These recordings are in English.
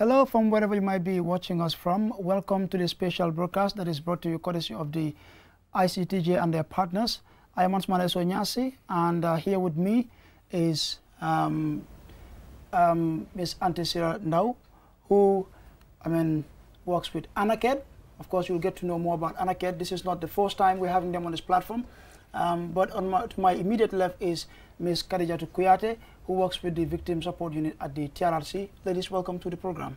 Hello from wherever you might be watching us from. Welcome to this special broadcast that is brought to you courtesy of the ICTJ and their partners. I am Ansmane Sonyasi and uh, here with me is um, um, Ms. Antisira Ndau who, I mean, works with Anaked. Of course, you'll get to know more about Anaked. This is not the first time we're having them on this platform. Um, but on my, to my immediate left is Ms. Khadija Tukuyate, who works with the Victim Support Unit at the TRRC. Ladies, welcome to the program.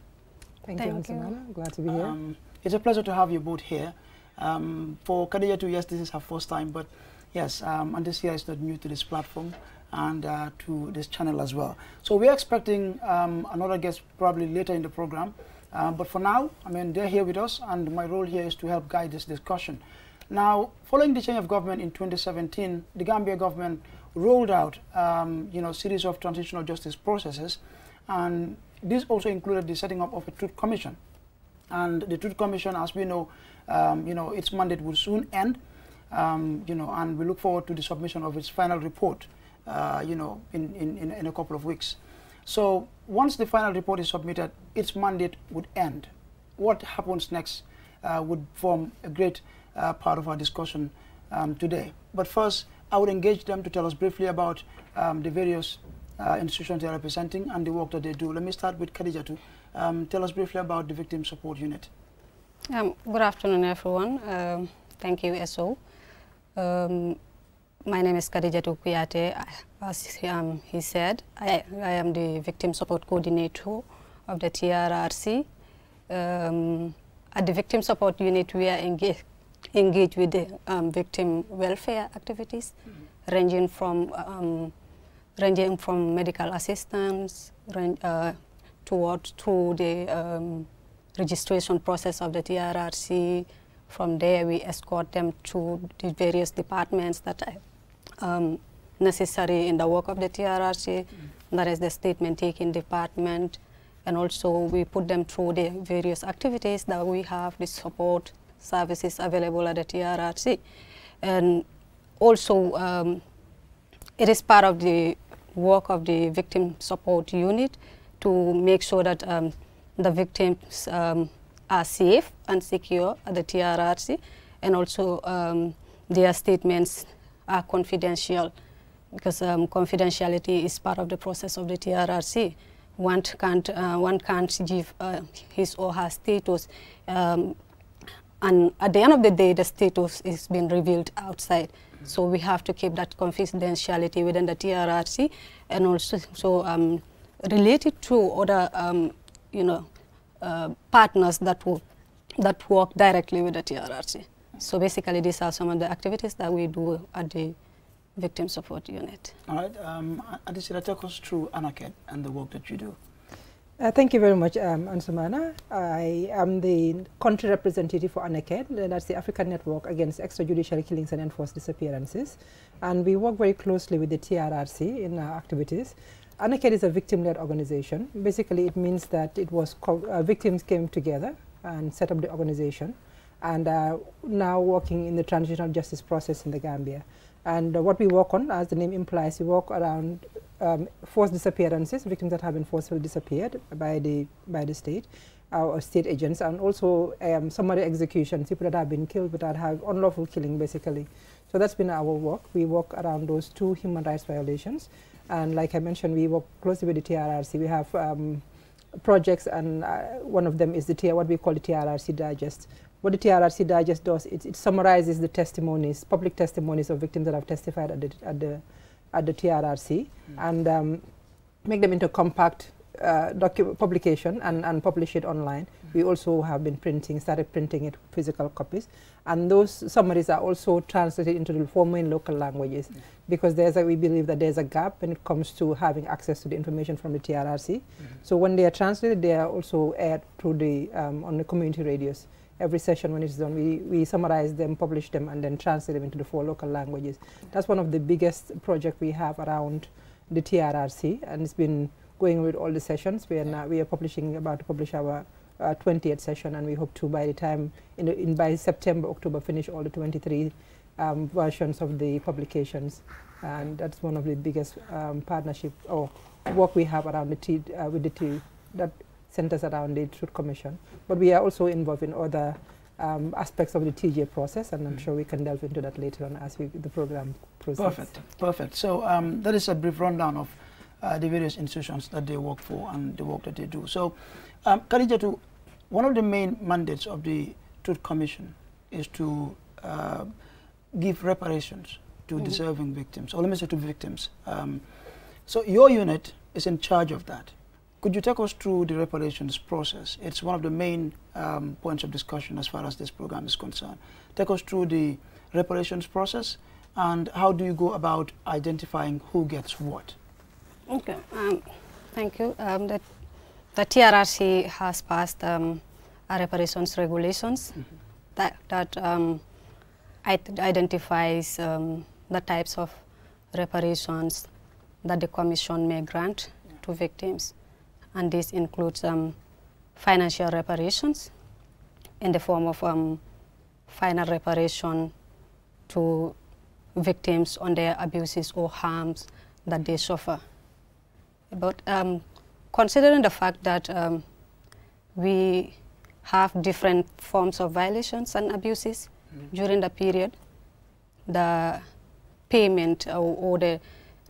Thank, Thank you, Ansamana. Glad to be here. Um, it's a pleasure to have you both here. Um, for Khadija too, yes, this is her first time, but yes, um, and this year is not new to this platform and uh, to this channel as well. So we're expecting um, another guest probably later in the program. Um, but for now, I mean, they're here with us, and my role here is to help guide this discussion. Now, following the change of government in 2017, the Gambia government rolled out, um, you know, series of transitional justice processes, and this also included the setting up of a truth commission. And the truth commission, as we know, um, you know, its mandate will soon end, um, you know, and we look forward to the submission of its final report, uh, you know, in, in, in a couple of weeks. So once the final report is submitted, its mandate would end. What happens next uh, would form a great uh, part of our discussion um, today. But first, I would engage them to tell us briefly about um, the various uh, institutions they are representing and the work that they do. Let me start with Khadija um, tell us briefly about the Victim Support Unit. Um, good afternoon, everyone. Uh, thank you, SO. Um, my name is Khadija Tukuyate. As um, he said, I, I, am the Victim Support Coordinator of the TRRC. at the Victim Support Unit, we are engaged engage with the um, victim welfare activities, mm -hmm. ranging from um, ranging from medical assistance uh, toward to the um, registration process of the TRRC. From there, we escort them to the various departments that are um, necessary in the work of the TRRC, mm -hmm. that is the statement taking department, and also we put them through the various activities that we have, the support, services available at the TRRC. And also, um, it is part of the work of the victim support unit to make sure that um, the victims um, are safe and secure at the TRRC and also um, their statements are confidential because um, confidentiality is part of the process of the TRRC one can't uh, one can't give uh, his or her status um, and at the end of the day, the status is being revealed outside. So we have to keep that confidentiality within the TRRC and also so um, related to other, um, you know, uh, partners that, will, that work directly with the TRRC. So basically, these are some of the activities that we do at the Victim Support Unit. All right. Um, Adisi, take us through Anaket and the work that you do. Uh, thank you very much, um, Ansumana. I am the country representative for ANACED, that's the African Network Against Extrajudicial Killings and Enforced Disappearances. And we work very closely with the TRRC in our activities. ANACED is a victim-led organization. Basically, it means that it was uh, victims came together and set up the organization and now working in the transitional justice process in the Gambia. And uh, what we work on, as the name implies, we work around um, forced disappearances, victims that have been forcibly disappeared by the, by the state uh, or state agents, and also um, summary executions, people that have been killed but that have unlawful killing, basically. So that's been our work. We work around those two human rights violations. And like I mentioned, we work closely with the TRRC. We have um, projects, and uh, one of them is the TR, what we call the TRRC Digest, what the TRRC Digest does, it, it, summarizes the testimonies, public testimonies of victims that have testified at the, at the, at the TRRC mm. and um, make them into compact uh, publication and, and publish it online. Mm. We also have been printing, started printing it physical copies. And those summaries are also translated into the former main local languages mm. because there's a, we believe that there's a gap when it comes to having access to the information from the TRRC. Hmm. So when they are translated, they are also aired through the, um, on the community radios every session when it's done, we, we summarize them, publish them, and then translate them into the four local languages. That's one of the biggest projects we have around the TRRC, and it's been going with all the sessions. We are now, we are publishing about to publish our uh, 20th session, and we hope to by the time in, the, in by September October finish all the 23 um, versions of the publications, and that's one of the biggest um, partnership or work we have around the T uh, with the T that centers around the Truth Commission. But we are also involved in other um, aspects of the TJ process, and I'm mm. sure we can delve into that later on as we, the program proceeds. Perfect, perfect. So um, that is a brief rundown of uh, the various institutions that they work for and the work that they do. So, um, one of the main mandates of the Truth Commission is to uh, give reparations to mm deserving victims, or let me say to victims. Um, so your unit is in charge of that. Could you take us through the reparations process? It's one of the main um, points of discussion as far as this program is concerned. Take us through the reparations process and how do you go about identifying who gets what? Okay, um, thank you. Um, the, the, TRRC has passed um, reparations regulations mm -hmm. that, that um, identifies um, the types of reparations that the Commission may grant yeah. to victims and this includes um, financial reparations in the form of um, final reparation to victims on their abuses or harms that they suffer. But um, considering the fact that um, we have different forms of violations and abuses mm. during the period, the payment or, or the,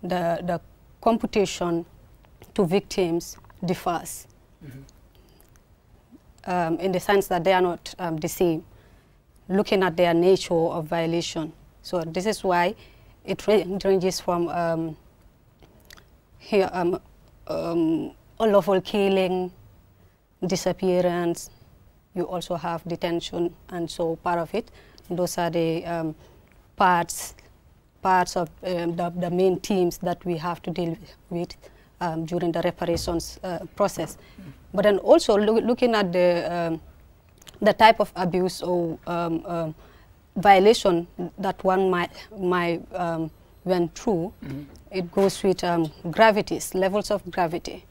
the, the computation to victims differs mm -hmm. um, in the sense that they are not um, the same, looking at their nature of violation. So this is why it, ranges from um, here, unlawful um, um, killing, disappearance, you also have detention, and so part of it. Those are the um, parts parts of the, the main themes that we have to deal with um, during the reparations uh, process. But then also lo looking at the, um, the type of abuse or um, um violation that one might, might um, went through, mm -hmm. it goes with um, gravities, levels of gravity.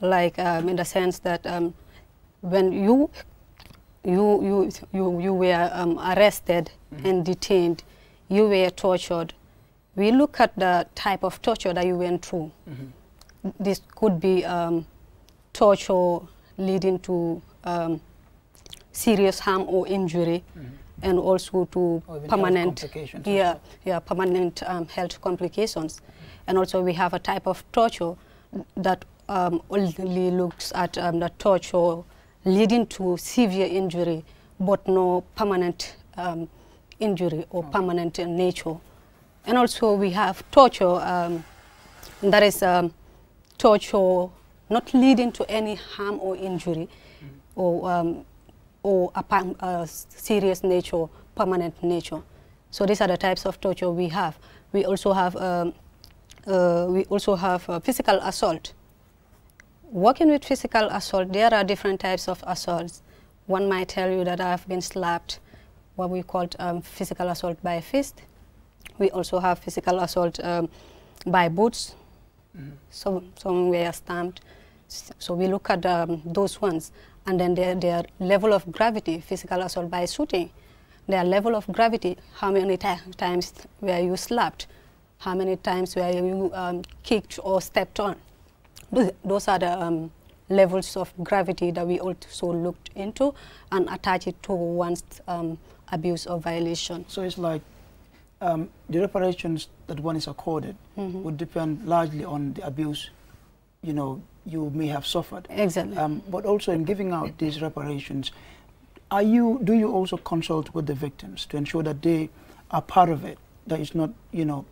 Like in the sense that when you you you you, you were um, arrested mm -hmm. and detained you were tortured we look at the type of torture that you went through mm -hmm this could be um, torture leading to um, serious harm or injury, mm -hmm. and also to permanent, yeah, yeah, permanent um, health complications. Mm -hmm. And also we have a type of torture that um, only looks at um, the torture leading to severe injury, but no permanent um, injury or mm. permanent in nature. And also we have torture that is torture, not leading to any harm or injury or, um, or a, a serious nature, permanent nature. So these are the types of torture we have. We also have, um, uh, we also have uh, physical assault. Working with physical assault, there are different types of assaults. One might tell you that I have been slapped, what we call um, physical assault by fist. We also have physical assault um, by boots, so Some, were stamped. So we look at um, those ones and then their, their level of gravity, physical assault by shooting, their level of gravity, how many times were you slapped, how many times were you um, kicked or stepped on. Those are the um, levels of gravity that we also looked into and attach it to one's um, abuse or violation. So it's like um, the reparations that one is accorded mm -hmm. would depend largely on the abuse, you know, you may have suffered. Exactly. Um, but also in giving out these reparations, are you do you also consult with the victims to ensure that they are part of it? That it's not, you know,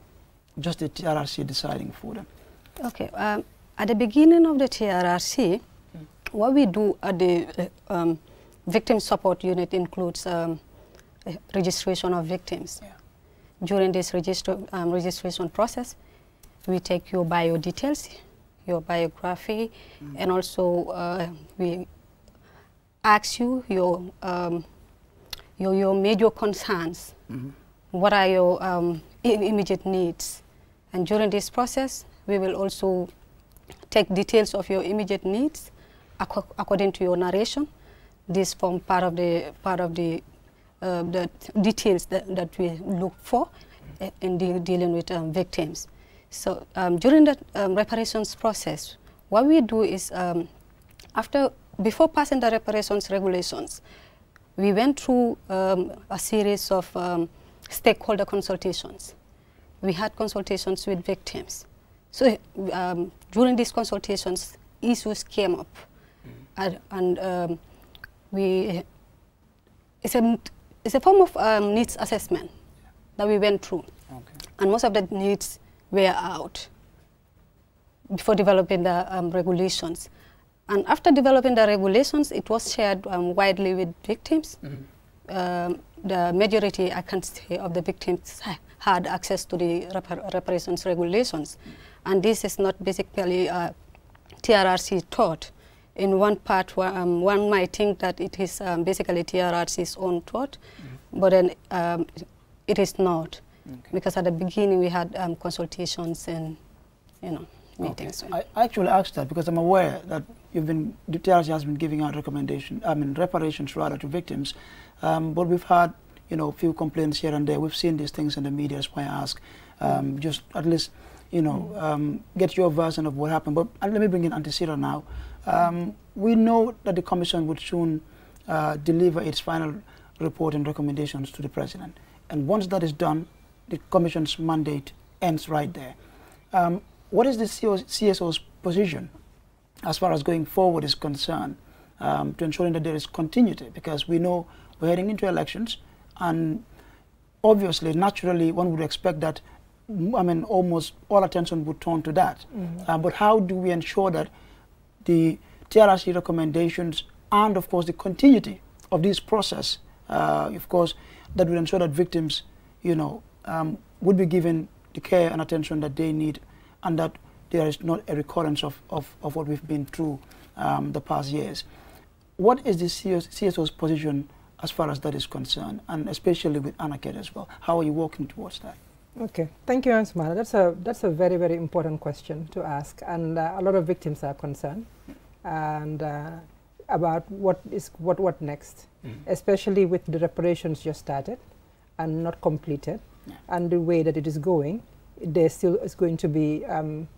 just the TRRC deciding for them. Okay. Um, at the beginning of the TRRC, mm. what we do at the um, victim support unit includes um, registration of victims. Yeah. During this um, registration process, we take your bio details, your biography, mm. and also uh, we ask you your, um, your, your, major concerns. Mm -hmm. What are your um, immediate needs? And during this process, we will also take details of your immediate needs according to your narration. This form part of the part of the uh, um, the details that, that we look for uh, in de dealing with um, victims. So um, during the um, reparations process, what we do is um, after before passing the reparations regulations, we went through um, a series of stakeholder consultations. We had consultations with victims. So during these consultations, issues came up, mm -hmm. and, and we it's a it's a form of um, needs assessment that we went through. Okay. And most of the needs were out before developing the um, regulations. And after developing the regulations, it was shared um, widely with victims. Mm -hmm. the majority, I can say, of the victims had access to the rep reparations regulations. Mm -hmm. And this is not basically uh, TRRC taught in one part, um, one might think that it is um, basically TRRC's own thought, mm -hmm. but then um, it is not, okay. because at the beginning we had um, consultations and, you know, meetings. Okay. I actually asked that because I'm aware that you've been, the TRRC has been giving out recommendation, I mean reparations rather to victims, um, but we've had, you know, few complaints here and there. We've seen these things in the media, that's why I ask. Mm Just at least, you know, mm. get your version of what happened. But let me bring in Antisira now. Um, we know that the Commission would soon uh, deliver its final report and recommendations to the President. And once that is done, the Commission's mandate ends right there. Um, what is the CSO's position as far as going forward is concerned um, to ensuring that there is continuity? Because we know we're heading into elections, and obviously, naturally, one would expect that, I mean, almost all attention would turn to that. Mm -hmm. uh, but how do we ensure that the TRC recommendations and, of course, the continuity of this process, uh, of course, that will ensure that victims, you know, um, would be given the care and attention that they need and that there is not a recurrence of, of, of what we've been through um, the past years. What is the CSO's, position as far as that is concerned, and especially with ANACED as well? How are you working towards that? Okay, thank you, Ansmara. That's a that's a very very important question to ask, and uh, a lot of victims are concerned, and uh, about what is what what next, mm. especially with the reparations just started, and not completed, and the way that it is going, there still is going to be um,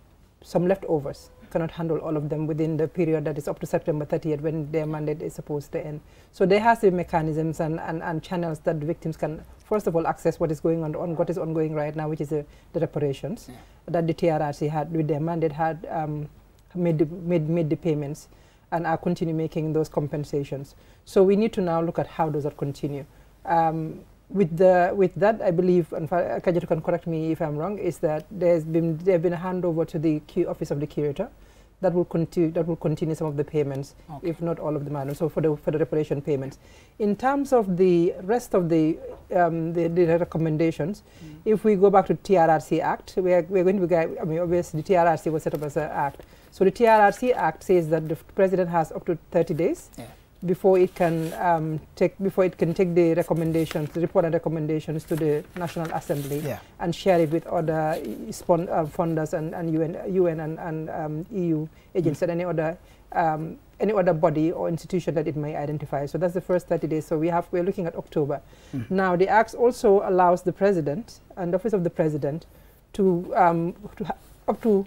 some leftovers cannot handle all of them within the period that is up to September 30th when their mandate is supposed to end. So there has to be mechanisms and, and, and channels that victims can, first of all, access what is going on, on what is ongoing right now, which is uh, the reparations yeah. that the TRRC had with their mandate had um, made, the, made, made the payments and are continue making those compensations. So we need to now look at how does that continue. Um, with the with that, I believe, and Kajetu can correct me if I'm wrong, is that there's been there have been a handover to the office of the curator. That will continue. That will continue some of the payments, okay. if not all of them. money. so for the for the reparation payments, in terms of the rest of the um, the, the, recommendations, mm. if we go back to TRRC Act, we are we're going to be. I mean, obviously, the TRRC was set up as an act. So the TRRC Act says that the president has up to 30 days. Yeah before it can um, take before it can take the recommendations, the report and recommendations to the National Assembly yeah. and share it with other spon- uh, funders and, and UN, UN and, and um, EU agents mm. and any other um, any other body or institution that it may identify. So that's the first 30 days. So we have we're looking at October. Mm. Now the Act also allows the President and the Office of the President to, um, to up to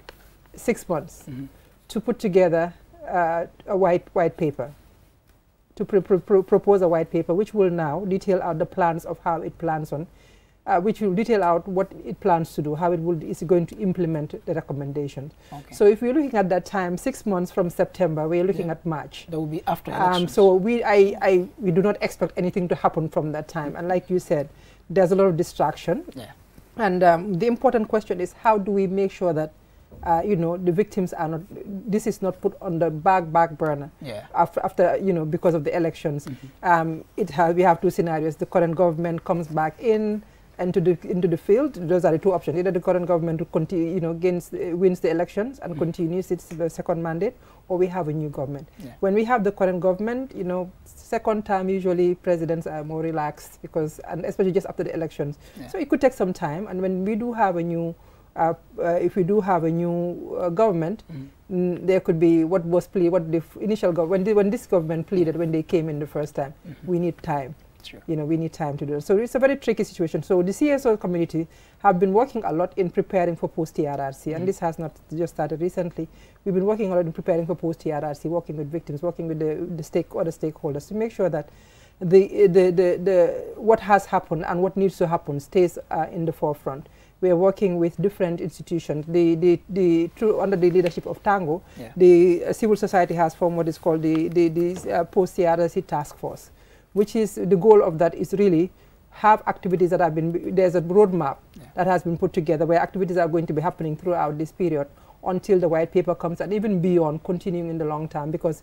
six months mm -hmm. to put together uh, a white white paper to pr pr pr propose a white paper which will now detail out the plans of how it plans on, uh, which will detail out what it plans to do, how it will, is going to implement the recommendations. Okay. So if we're looking at that time, six months from September, we're looking yeah. at March. That will be after um, elections. Um, so we, I, I, we do not expect anything to happen from that time. And like you said, there's a lot of distraction. Yeah. And um, the important question is how do we make sure that uh, you know, the victims are not, this is not put on the back, back burner yeah. after, after, you know, because of the elections. Mm -hmm. um, it has, we have two scenarios. The current government comes back in into the, into the field. Those are the two options. Either the current government continue, you know, gains, uh, wins the elections and mm -hmm. continues its second mandate, or we have a new government. Yeah. When we have the current government, you know, second term usually presidents are more relaxed because, and especially just after the elections. Yeah. So it could take some time. And when we do have a new uh, uh, if we do have a new uh, government, mm. there could be what was plea, what the initial government, when, when, this government pleaded when they came in the first time, -hmm. we need time. You know, we need time to do it. So it's a very tricky situation. So the CSO community have been working a lot in preparing for post-TRRC, mm and mm-hmm. this has not just started recently. We've been working a lot in preparing for post-TRRC, working with victims, working with the, the stake other stakeholders to make sure that the, the, the, the, what has happened and what needs to happen stays uh, in the forefront we are working with different institutions. The, the, the through, under the leadership of Tango, yeah. the uh, civil society has formed what is called the, the, the uh, post-CRC task force, which is the goal of that is really have activities that have been, there's a roadmap yeah. that has been put together where activities are going to be happening throughout this period until the white paper comes and even beyond continuing in the long term because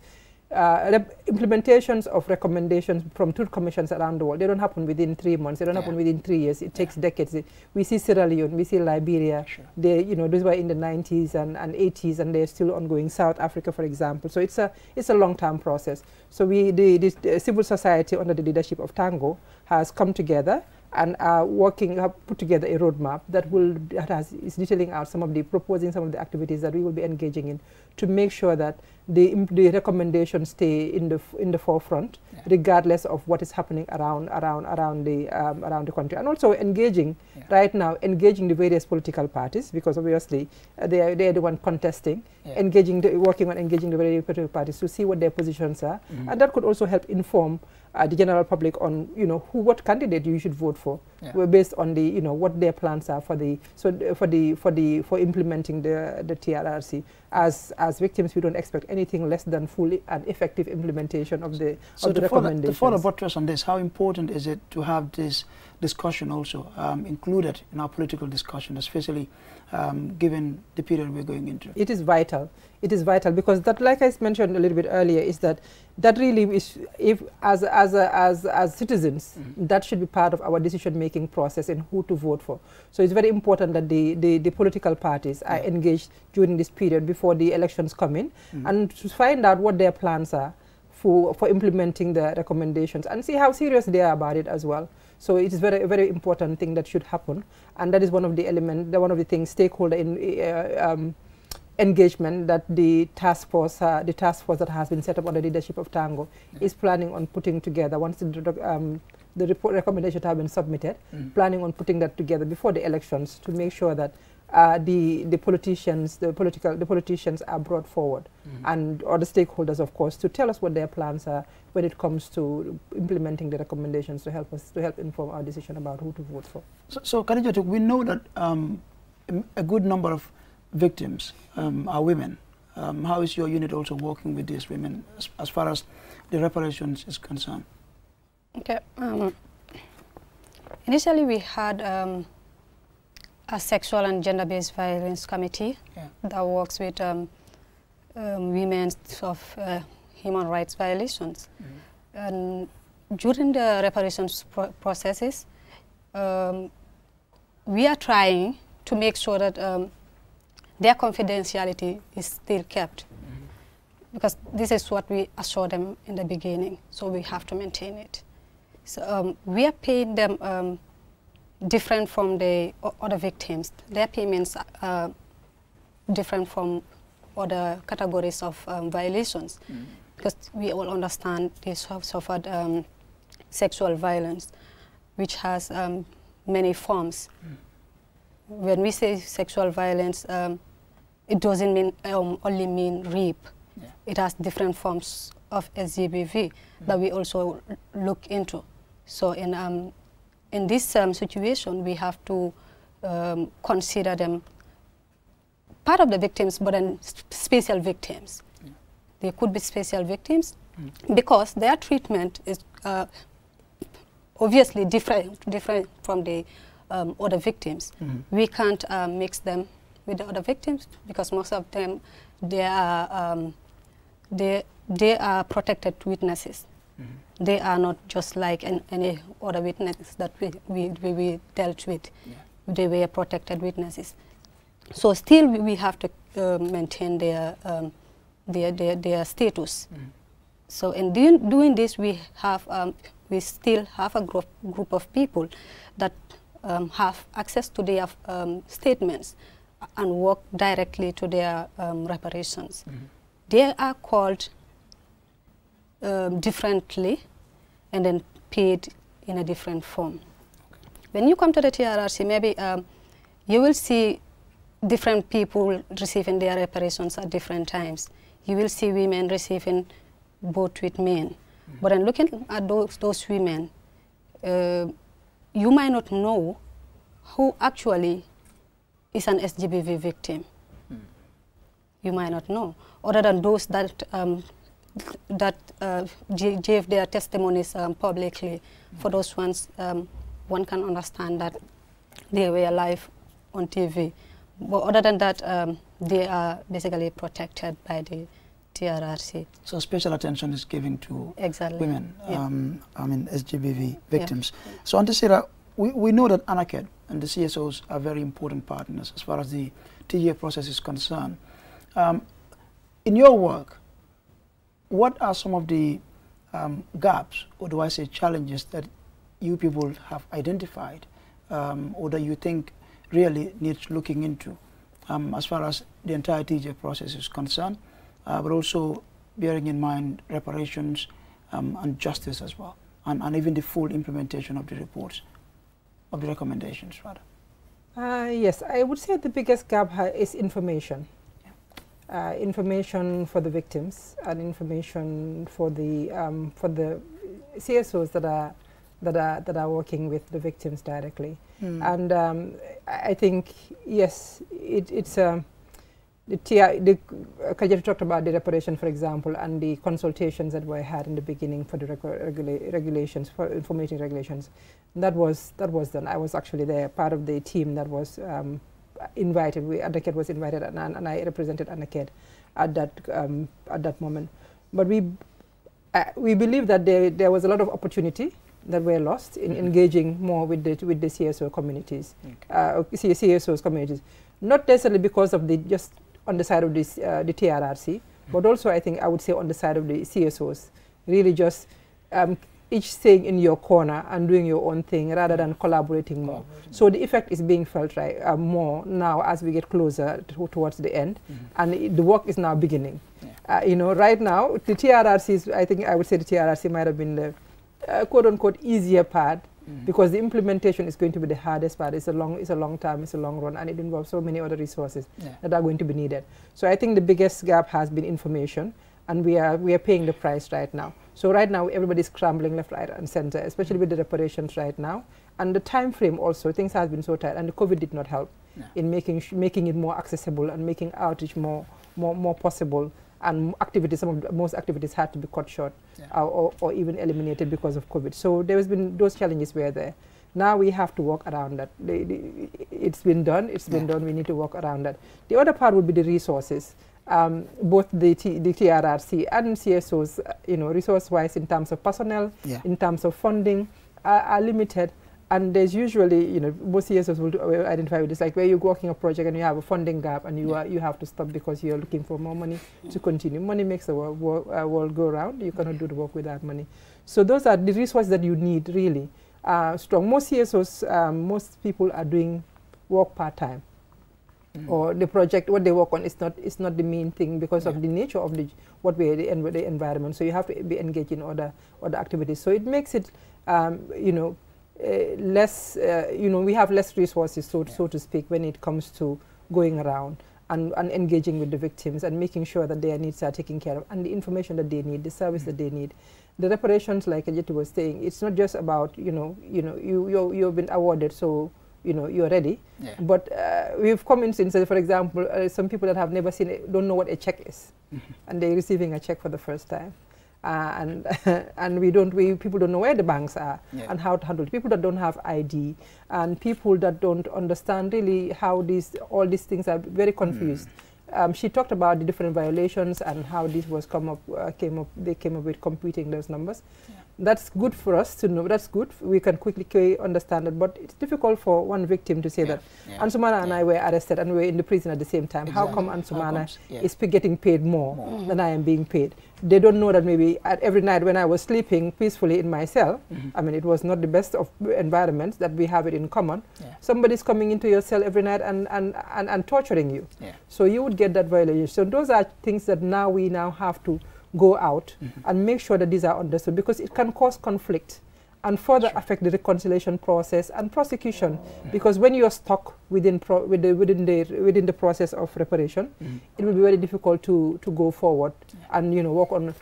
uh, implementations of recommendations from two commissions around the world, they don't happen within three months, they don't yeah. happen within three years, it takes decades. We see Sierra Leone, we see Liberia, sure. they, you know, those were in the 90s and, and 80s and they're still ongoing, South Africa, for example. So it's a, it's a long-term process. So we, the, the, the civil society under the leadership of Tango has come together and are working up, put together a roadmap that will that has, is detailing out some of the proposing some of the activities that we will be engaging in to make sure that the the recommendations stay in the in the forefront yeah. regardless of what is happening around around around the um, around the country and also engaging yeah. right now engaging the various political parties because obviously uh, they are they are the one contesting yeah. engaging the, working on engaging the various political parties to see what their positions are mm -hmm. and that could also help inform uh, the general public on you know who what candidate you should vote for yeah. Well, based on the you know what their plans are for the so for the for the for implementing the the TRRC as as victims we don't expect anything less than full and effective implementation of the so of the, the recommendations. So to follow buttress on this, how important is it to have this discussion also um, included in our political discussion, especially um, given the period we're going into. It is vital. It is vital because that, like I mentioned a little bit earlier, is that that really is, if as as as as citizens, mm -hmm. that should be part of our decision-making process and who to vote for. So it's very important that the the, the political parties yeah. are engaged during this period before the elections come in mm -hmm. and to find out what their plans are for, for implementing the recommendations and see how serious they are about it as well. So it is very very important thing that should happen, and that is one of the element, one of the things stakeholder in, uh, um, engagement that the task force, uh, the task force that has been set up under the leadership of Tango, yeah. is planning on putting together once the um, the report recommendations have been submitted, mm. planning on putting that together before the elections to make sure that uh, the the politicians, the political the politicians are brought forward, mm -hmm. and other stakeholders, of course, to tell us what their plans are when it comes to implementing the recommendations to help us to help inform our decision about who to vote for. So, so we know that um, a good number of victims um, are women. Um, how is your unit also working with these women as, as far as the reparations is concerned? Okay. Um, initially, we had um, a sexual and gender-based violence committee yeah. that works with um, um, women of uh, human rights violations. Mm -hmm. And during the reparations pro processes, um, we are trying to make sure that um, their confidentiality is still kept. Mm -hmm. Because this is what we assure them in the beginning, so we have to maintain it. So um, we are paying them um, different from the other victims. Their payments are different from other categories of um, violations mm. because we all understand they have suffered um, sexual violence, which has um, many forms. Mm. When we say sexual violence, um, it doesn't mean um, only mean rape. Yeah. It has different forms of SGBV mm. that we also look into. So in um, in this um, situation, we have to um, consider them part of the victims, but then special victims. Mm. They could be special victims mm. because their treatment is uh, obviously different, different from the um, other victims. Mm. We can't uh, mix them with the other victims because most of them, they are, um, they, they are protected witnesses. -hmm they are not just like an, any other witnesses that we, we, we, dealt with. Yeah. They were protected witnesses. So still we, we have to uh, maintain their, um, their, their, their, status. Mm. So in doing, doing this, we, have, um, we still have a group, group of people that um, have access to their um, statements and work directly to their um, reparations. Mm -hmm. They are called um, differently and then paid in a different form. When you come to the TRRC, maybe um, you will see different people receiving their reparations at different times. You will see women receiving both with men. Mm -hmm. But in looking at those, those women, uh, you might not know who actually is an SGBV victim. Mm. You might not know, other than those that um, that uh, gave their testimonies um, publicly. Mm -hmm. For those ones, um, one can understand that they were alive on TV. But other than that, um, they are basically protected by the TRRC. So special attention is given to exactly. women, yeah. Um, I mean SGBV victims. Yeah. So Auntie we, we know that ANACED and the CSOs are very important partners as far as the TGA process is concerned. Um, in your work, what are some of the um, gaps, or do I say challenges, that you people have identified, um, or that you think really needs looking into, um, as far as the entire TJ process is concerned, uh, but also bearing in mind reparations um, and justice as well, and, and even the full implementation of the reports, of the recommendations rather? Uh, yes, I would say the biggest gap is information uh, information for the victims and information for the um, for the CSOs that are that are that are working with the victims directly. Mm. And um, I think yes, it, it's um, the TI, the uh, talked about the reparation, for example, and the consultations that were had in the beginning for the regula regulations, for information regulations. And that was that was done. I was actually there, part of the team that was um, invited, we, Adnaked was invited and, and I represented Adnaked at that, um, at that moment. But we, uh, we believe that there, there was a lot of opportunity that were lost in mm -hmm. engaging more with the, with the CSO communities, okay. uh, CSOs communities. Not necessarily because of the, just on the side of this, uh, the TRRC, mm -hmm. but also I think I would say on the side of the CSOs, really just um, each staying in your corner and doing your own thing rather than collaborating more. So the effect is being felt right, uh, more now as we get closer to, towards the end, mm -hmm. and the work is now beginning. Yeah. Uh, you know, right now the TRRCs, I think I would say the TRRC might have been the uh, quote unquote easier part mm-hmm. because the implementation is going to be the hardest part. It's a long, it's a long time, it's a long run, and it involves so many other resources yeah. that are going to be needed. So I think the biggest gap has been information, and we are, we are paying the price right now. So right now, everybody's scrambling left, right, and center, especially mm. with the reparations right now. And the time frame also, things have been so tight, and the COVID did not help no. in making, making it more accessible and making outreach more, more, more possible. And activities, some of the, most activities had to be cut short yeah. uh, or, or even eliminated because of COVID. So there has been, those challenges were there. Now we have to work around that. it's been done, It's yeah. been done, we need to work around that. The other part would be the resources um, both the, T the TRRC and CSOs, you know, resource-wise in terms of personnel, yeah. in terms of funding, are, are limited and there's usually, you know, most CSOs will, do, will identify with this, like where you're working a project and you have a funding gap and you yeah. are, you have to stop because you're looking for more money yeah. to continue. Money makes the world, world, uh, world go round. You cannot yeah. do the work without money. So those are the resources that you need, really. Uh, strong. Most CSOs, um, most people are doing work part-time. Mm or the project what they work on is not is not the main thing because yeah. of the nature of the what we the, env the environment so you have to be engaged in other other activities so it makes it um, you know uh, less uh, you know we have less resources so, yeah. so to speak when it comes to going around and, and engaging with the victims and making sure that their needs are taken care of and the information that they need the service mm that they mm. need the reparations like Ajit was saying it's not just about you know you know you you you've been awarded so you know you're ready yeah. but uh, we've come in since for example uh, some people that have never seen it don't know what a check is mm-hmm. and they're receiving a check for the first time uh, and and we don't we people don't know where the banks are yeah. and how to handle it. people that don't have ID and people that don't understand really how these all these things are very confused mm. Um, she talked about the different violations and how this was come up, uh, came up, they came up with computing those numbers. Yeah that's good for us to know. That's good. We can quickly understand it. But it's difficult for one victim to say yeah. that yeah. Ansumana yeah. and I were arrested and we were in the prison at the same time. Exactly. How come Ansumana is getting paid more, more. Mm -hmm. than I am being paid? They don't know that maybe every night when I was sleeping peacefully in my cell, mm -hmm. I mean, it was not the best of environments that we have it in common. Somebody's coming into your cell every night and, and, and, and torturing you. So you would get that violation. So those are things that now we now have to go out mm -hmm. and make sure that these are understood because it can cause conflict and further sure. affect the reconciliation process and prosecution because when you're stuck within with the, within the within the process of reparation mm -hmm. it will be very difficult to to go forward yeah. and you know work on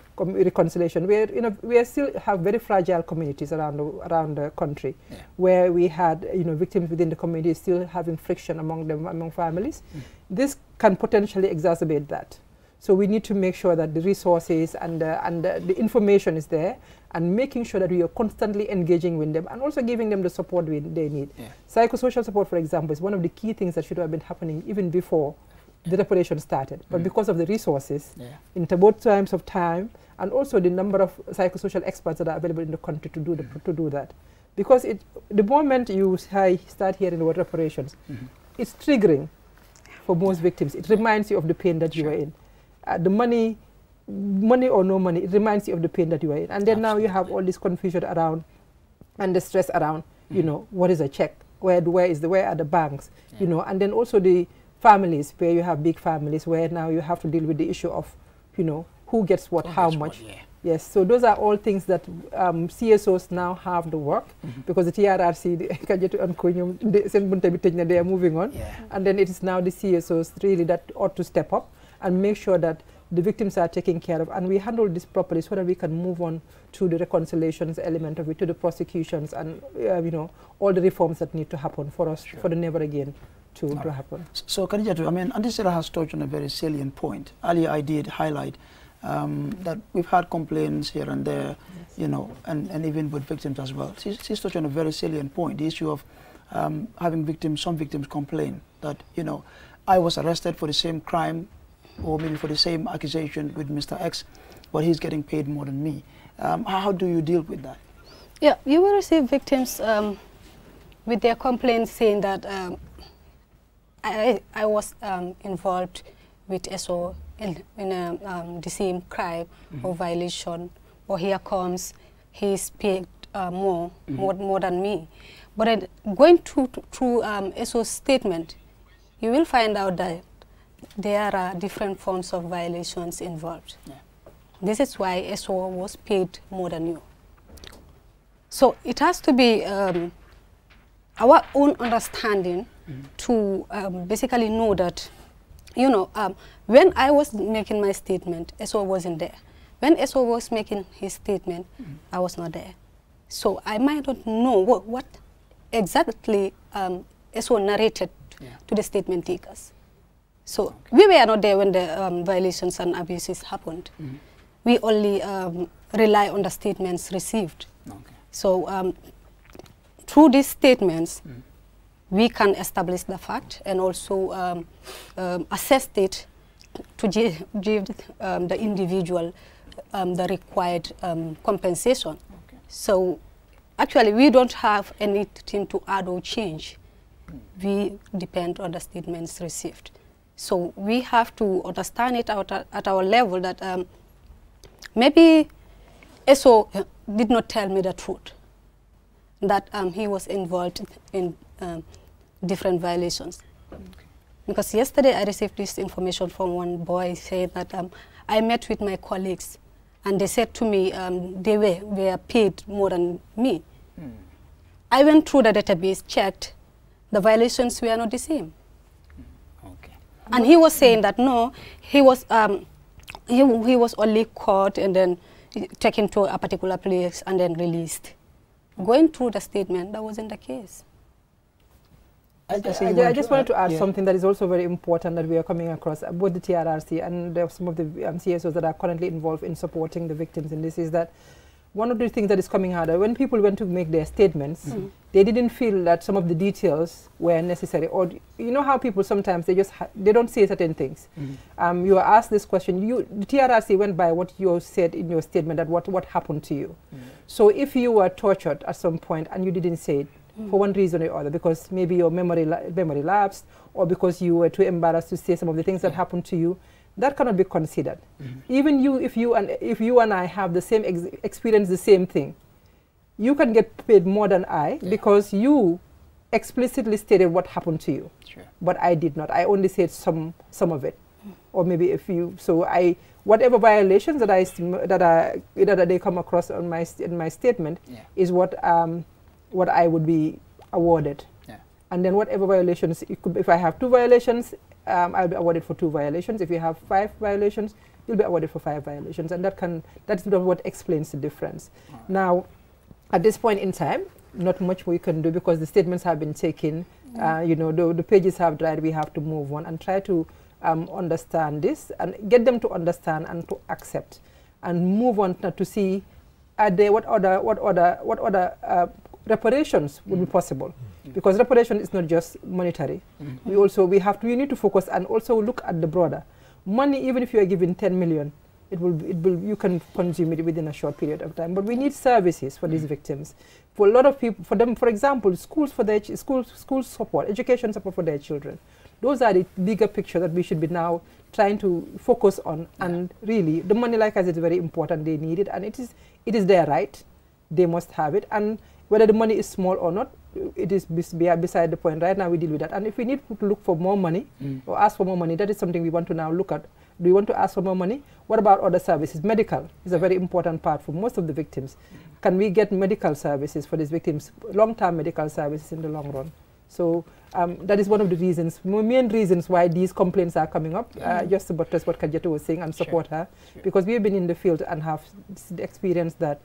reconciliation we you know we still have very fragile communities around the, around the country yeah. where we had you know victims within the community still having friction among them among families mm -hmm. this can potentially exacerbate that so we need to make sure that the resources and, uh, and uh, the information is there and making sure that we are constantly engaging with them and also giving them the support we, they need. Yeah. Psychosocial support, for example, is one of the key things that should have been happening even before the reparations started. But mm. because of the resources, yeah. in both times of time, and also the number of psychosocial experts that are available in the country to do, the, mm. to do that. Because it, the moment you start hearing about reparations, mm -hmm. it's triggering for most victims. It reminds you of the pain that sure. you were in uh, the money, money or no money, it reminds you of the pain that you are in. And then Absolutely. now you have all this confusion around and the stress around, mm. you know, what is a check? Where, where is the, where are the banks? Yeah. You know, and then also the families where you have big families where now you have to deal with the issue of, you know, who gets what, who how gets much. What, yeah. Yes, so those are all things that um, CSOs now have the work mm -hmm. because the TRRC, they are moving on. Yeah. And then it is now the CSOs really that ought to step up and make sure that the victims are taken care of and we handle this properly so that we can move on to the reconciliations element of it, to the prosecutions and, uh, you know, all the reforms that need to happen for us, sure. for the never again to, to happen. So, Khadijatu, I mean, Antisera has touched on a very salient point. Earlier I did highlight um, that we've had complaints here and there, yes. you know, and, and even with victims as well. She's, she's touched on a very salient point, the issue of um, having victims, some victims complain that, you know, I was arrested for the same crime or maybe for the same accusation with Mr. X, but he's getting paid more than me. Um, how do you deal with that? Yeah, you will receive victims um, with their complaints saying that um, I, I was um, involved with SO in, in a, um, um, the same crime mm -hmm. or violation, or here comes, he's paid uh, more, mm -hmm. more, more than me. But going through, through SO's statement, you will find out that there are different forms of violations involved. Yeah. This is why SO was paid more than you. So it has to be um, our own understanding mm -hmm. to um, basically know that, you know, um, when I was making my statement, SO wasn't there. When SO was making his statement, mm -hmm. I was not there. So I might not know what, what exactly um, SO narrated yeah. to the statement takers. So okay. we were not there when the um, violations and abuses happened. Mm -hmm. We only um, rely on the statements received. Okay. So um, through these statements, mm -hmm. we can establish the fact and also um, um, assess it to give um, the individual the required compensation. Okay. So actually, we don't have anything to add or change. Mm -hmm. We depend on the statements received. So we have to understand it at, at our level that um, maybe SO did not tell me the truth, that um, he was involved in um, different violations. Because yesterday I received this information from one boy saying that um, I met with my colleagues and they said to me um, they were, were paid more than me. Mm. I went through the database, checked, the violations were not the same. And he was saying that no, he was um, he, he was only caught and then taken to a particular place and then released. Going through the statement, that wasn't the case. I just, I, I just wanted to add yeah. something that is also very important that we are coming across, uh, both the TRRC and uh, some of the um, CSOs that are currently involved in supporting the victims. in this is that one of the things that is coming out uh, when people went to make their statements, mm they didn't feel that some of the details were necessary. Or you know how people sometimes they just they don't say certain things. Mm um, you are asked this question. You the TRRC went by what you said in your statement that what what happened to you. Mm So if you were tortured at some point and you didn't say it mm. for one reason or other, because maybe your memory la memory lapsed, or because you were too embarrassed to say some of the things that happened to you, that cannot be considered. Mm -hmm. Even you, if you and if you and I have the same ex experience, the same thing, you can get paid more than I yeah. because you explicitly stated what happened to you. Sure. But I did not. I only said some some of it, mm. or maybe a few. So I whatever violations that I that I that they come across on my in my statement yeah. is what um what I would be awarded. And then whatever violations, if I have two violations, um, I'll be awarded for two violations. If you have five violations, you'll be awarded for five violations. And that can that's what explains the difference. Right. Now, at this point in time, not much we can do because the statements have been taken. Mm. Uh, you know, the, the, pages have dried. We have to move on and try to um, understand this and get them to understand and to accept and move on to see are there what other what other what other uh, reparations would be mm. possible mm. because reparation is not just monetary. Mm. We also we have to we need to focus and also look at the broader money. Even if you are given 10 million, it will it will you can consume it within a short period of time. But we need services for these victims. For a lot of people, for them, for example, schools for their school school support, education support for their children. Those are the bigger picture that we should be now trying to focus on. Yeah. And really, the money, like us is very important. They need it, and it is it is their right. They must have it, and whether the money is small or not, it is beside the point. Right now, we deal with that. And if we need to look for more money mm. or ask for more money, that is something we want to now look at. Do we want to ask for more money? What about other services? Medical is a very important part for most of the victims. Mm. Can we get medical services for these victims, long-term medical services in the long run? So um, that is one of the reasons, main reasons why these complaints are coming up, uh, mm. just to buttress what Kajeta was saying and sure. support her, sure. because we have been in the field and have experienced that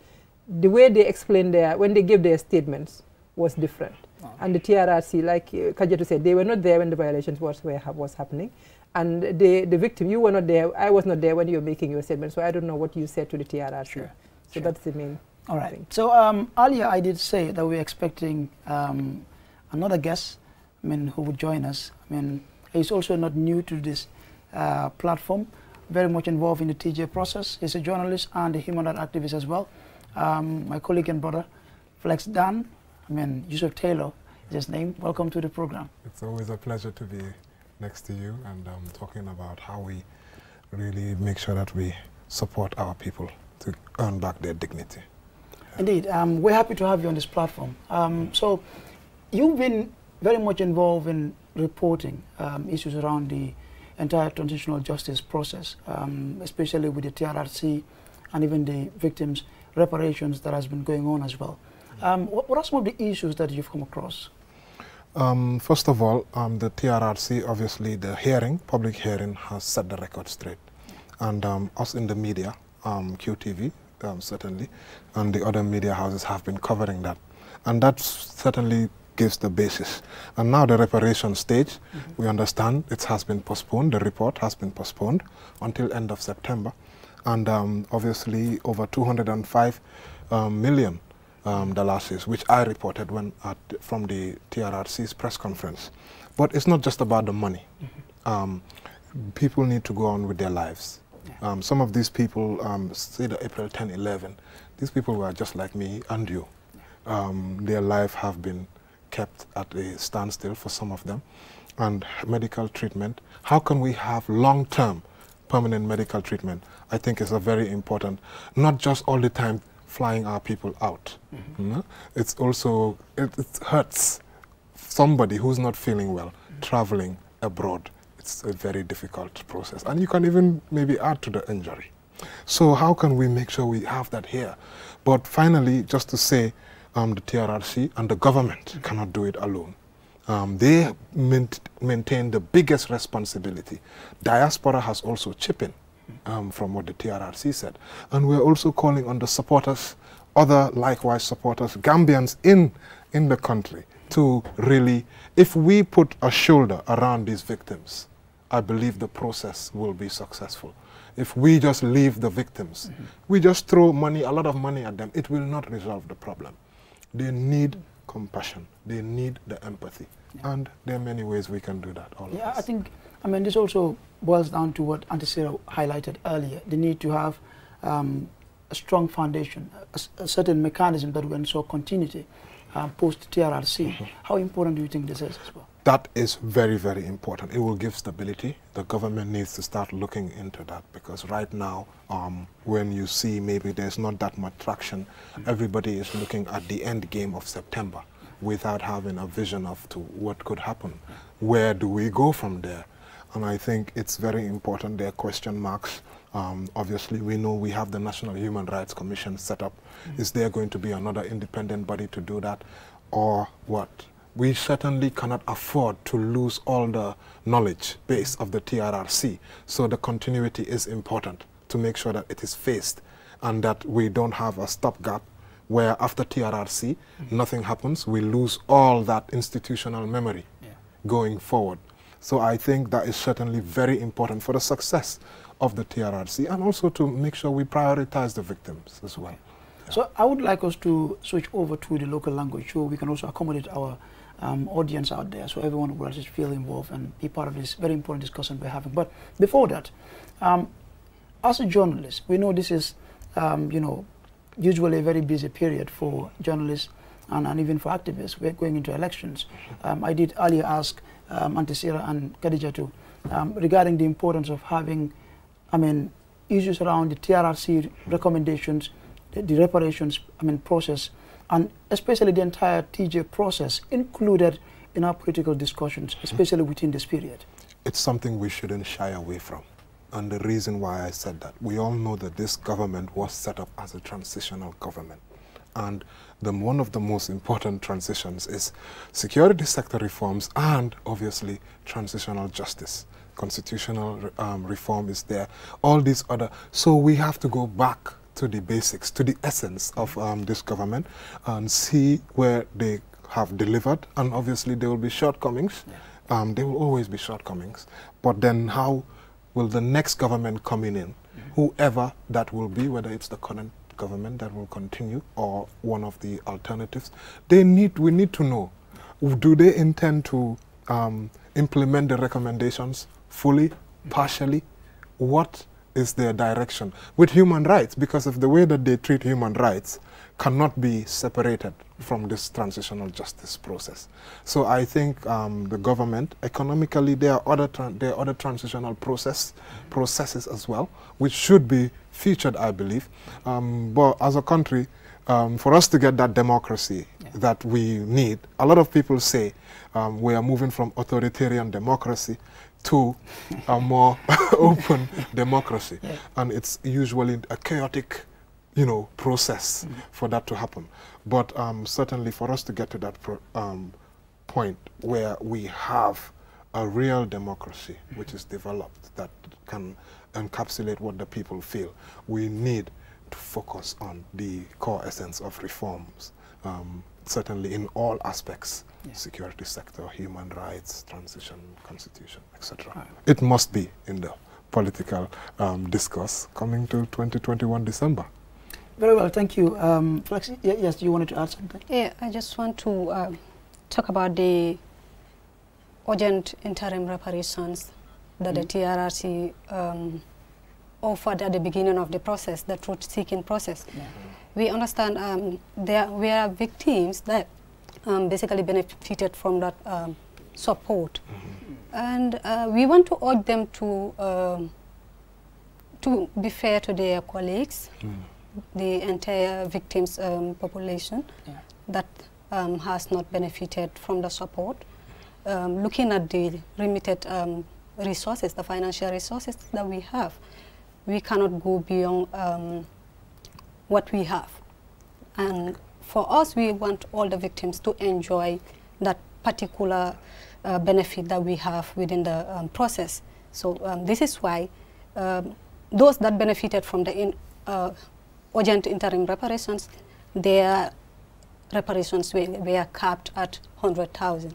the way they explained their, when they gave their statements was different. And the TRRC, like uh, Kajetu said, they were not there when the violations was, were, was happening. And the, the victim, you were not there, I was not there when you were making your statement, so I don't know what you said to the TRRC. Sure. So sure. that's the main All right. Thing. So um, earlier I did say that we we're expecting um, another guest, I mean, who would join us. I mean, he's also not new to this uh, platform, very much involved in the TJ process. He's a journalist and a human rights activist as well um, my colleague and brother, Flex Dan, I mean, Yusuf Taylor is his name. Welcome to the program. It's always a pleasure to be next to you and um, talking about how we really make sure that we support our people to earn back their dignity. Indeed, um, we're happy to have you on this platform. Um, so you've been very much involved in reporting um, issues around the entire transitional justice process, um, especially with the TRRC and even the victims reparations that has been going on as well. Um, what, what, are some of the issues that you've come across? Um, first of all, um, the TRRC, obviously the hearing, public hearing, has set the record straight. And um, us in the media, um, QTV um, certainly, and the other media houses have been covering that. And that certainly gives the basis. And now the reparation stage, mm -hmm. we understand it has been postponed, the report has been postponed until end of September and um, obviously over 205 um, million um, dollars, which I reported when at, from the TRRC's press conference. But it's not just about the money. Mm -hmm. people need to go on with their lives. Yeah. Um, some of these people, um, say the April 10, 11, these people were just like me and you. Yeah. their life have been kept at a standstill for some of them and medical treatment. How can we have long-term permanent medical treatment I think is a very important, not just all the time flying our people out. Mm -hmm. you know? It's also, it, it, hurts somebody who's not feeling well, mm -hmm. traveling abroad. It's a very difficult process. And you can even maybe add to the injury. So how can we make sure we have that here? But finally, just to say, um, the TRRC and the government mm -hmm. cannot do it alone. Um, they maintain the biggest responsibility. Diaspora has also chipped in um, from what the TRRC said. And we're also calling on the supporters, other likewise supporters, Gambians in, in the country, to really, if we put a shoulder around these victims, I believe the process will be successful. If we just leave the victims, mm -hmm. we just throw money, a lot of money at them, it will not resolve the problem. They need compassion. They need the empathy. Yeah. And there are many ways we can do that. yeah, us. I think I mean, this also boils down to what Antisera highlighted earlier, the need to have um, a strong foundation, a, a, certain mechanism that will ensure continuity uh, post-TRRC. Mm -hmm. How important do you think this is as well? That is very, very important. It will give stability. The government needs to start looking into that because right now, um, when you see maybe there's not that much traction, everybody is looking at the end game of September without having a vision of to what could happen. Where do we go from there? and I think it's very important there are question marks. Um, obviously, we know we have the National Human Rights Commission set up. Mm -hmm. Is there going to be another independent body to do that, or what? We certainly cannot afford to lose all the knowledge base of the TRRC. So the continuity is important to make sure that it is faced and that we don't have a stopgap where after TRRC, mm -hmm. nothing happens. We lose all that institutional memory yeah. going forward. So I think that is certainly very important for the success of the TRRC and also to make sure we prioritize the victims as well. Yeah. So I would like us to switch over to the local language so we can also accommodate our um, audience out there so everyone will just feel involved and be part of this very important discussion we're having. But before that, um, as a journalist, we know this is, um, you know, usually a very busy period for journalists and, and even for activists. We're going into elections. Mm-hmm. Um, I did earlier ask um, Auntie Sarah and Khadija too, um, regarding the importance of having, I mean, issues around the TRRC recommendations, the, the reparations, I mean, process, and especially the entire TJ process included in our political discussions, hmm. especially within this period. It's something we shouldn't shy away from. And the reason why I said that, we all know that this government was set up as a transitional government and the, one of the most important transitions is security sector reforms and obviously transitional justice. Constitutional um, reform is there, all these other. So we have to go back to the basics, to the essence of um, this government and see where they have delivered. And obviously there will be shortcomings. Yeah. Um, there will always be shortcomings. But then how will the next government coming in, mm -hmm. whoever that will be, whether it's the current government that will continue or one of the alternatives. They need, we need to know, do they intend to um, implement the recommendations fully, partially? What is their direction with human rights? Because of the way that they treat human rights cannot be separated from this transitional justice process. So I think um, the government, economically, there are other, there are other transitional process, processes as well, which should be featured, I believe. Um, but as a country, um, for us to get that democracy yeah. that we need, a lot of people say um, we are moving from authoritarian democracy to a more open democracy. Yeah. And it's usually a chaotic you know, process mm -hmm. for that to happen. But um, certainly for us to get to that um, point where we have a real democracy mm -hmm. which is developed that can encapsulate what the people feel. We need to focus on the core essence of reforms, um, certainly in all aspects, yeah. security sector, human rights, transition, constitution, etc. Right. It must be in the political um, discourse coming to 2021 December. Very well, thank you. Um, Flexi, yes, you wanted to add something? Yeah, I just want to uh, talk about the urgent interim reparations that the hmm. TRRC um, offered at the beginning of the process, the truth-seeking process. We understand um, there we are victims that um, basically benefited from that um, support, mm -hmm. and uh, we want to urge them to um, to be fair to their colleagues, mm. the entire victims um, population yeah. that um, has not benefited from the support. looking at the remitted resources, the financial resources that we have. We cannot go beyond um, what we have. And for us, we want all the victims to enjoy that particular uh, benefit that we have within the um, process. So um, this is why um, those that benefited from the in, uh, urgent interim reparations, their reparations were, were capped at 100,000.